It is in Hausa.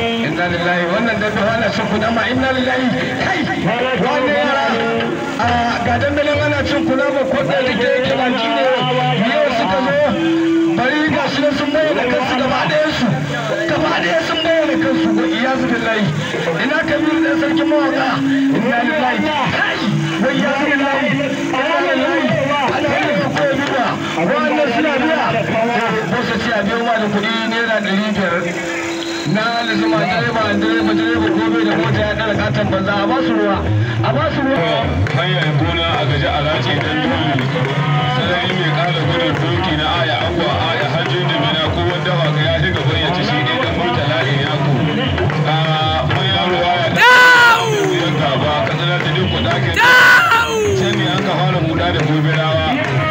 inna lillahi wannan dambe sun kuna ma inna lillahi kai wannan yara ah, ga dambe nan kuna ko da yake yau suka zo bari ga shi sun bayyana kansu gaba ɗaya su gaba ɗaya sun bayyana kansu wa iyazu billahi ina kabiru ɗan sarkin mawaka inna lillahi kai wa iyazu billahi inna lillahi wannan suna biya ko su ci a biyo ma da kuɗi naira ɗari biyar na lizuma direba direba direba gobe da mota ya kara katon banza a basu ruwa a basu ruwa hanyar gona a gaji a race dan dole sarari mai kala gudun doki na aya angwa aya hajji da mina ko wanda ba ya shiga bayyace shi ne dan murtala ne ya ku a mayar ruwa ya da ba kasar da duk da sai ne an ka fara huda da gobe rawa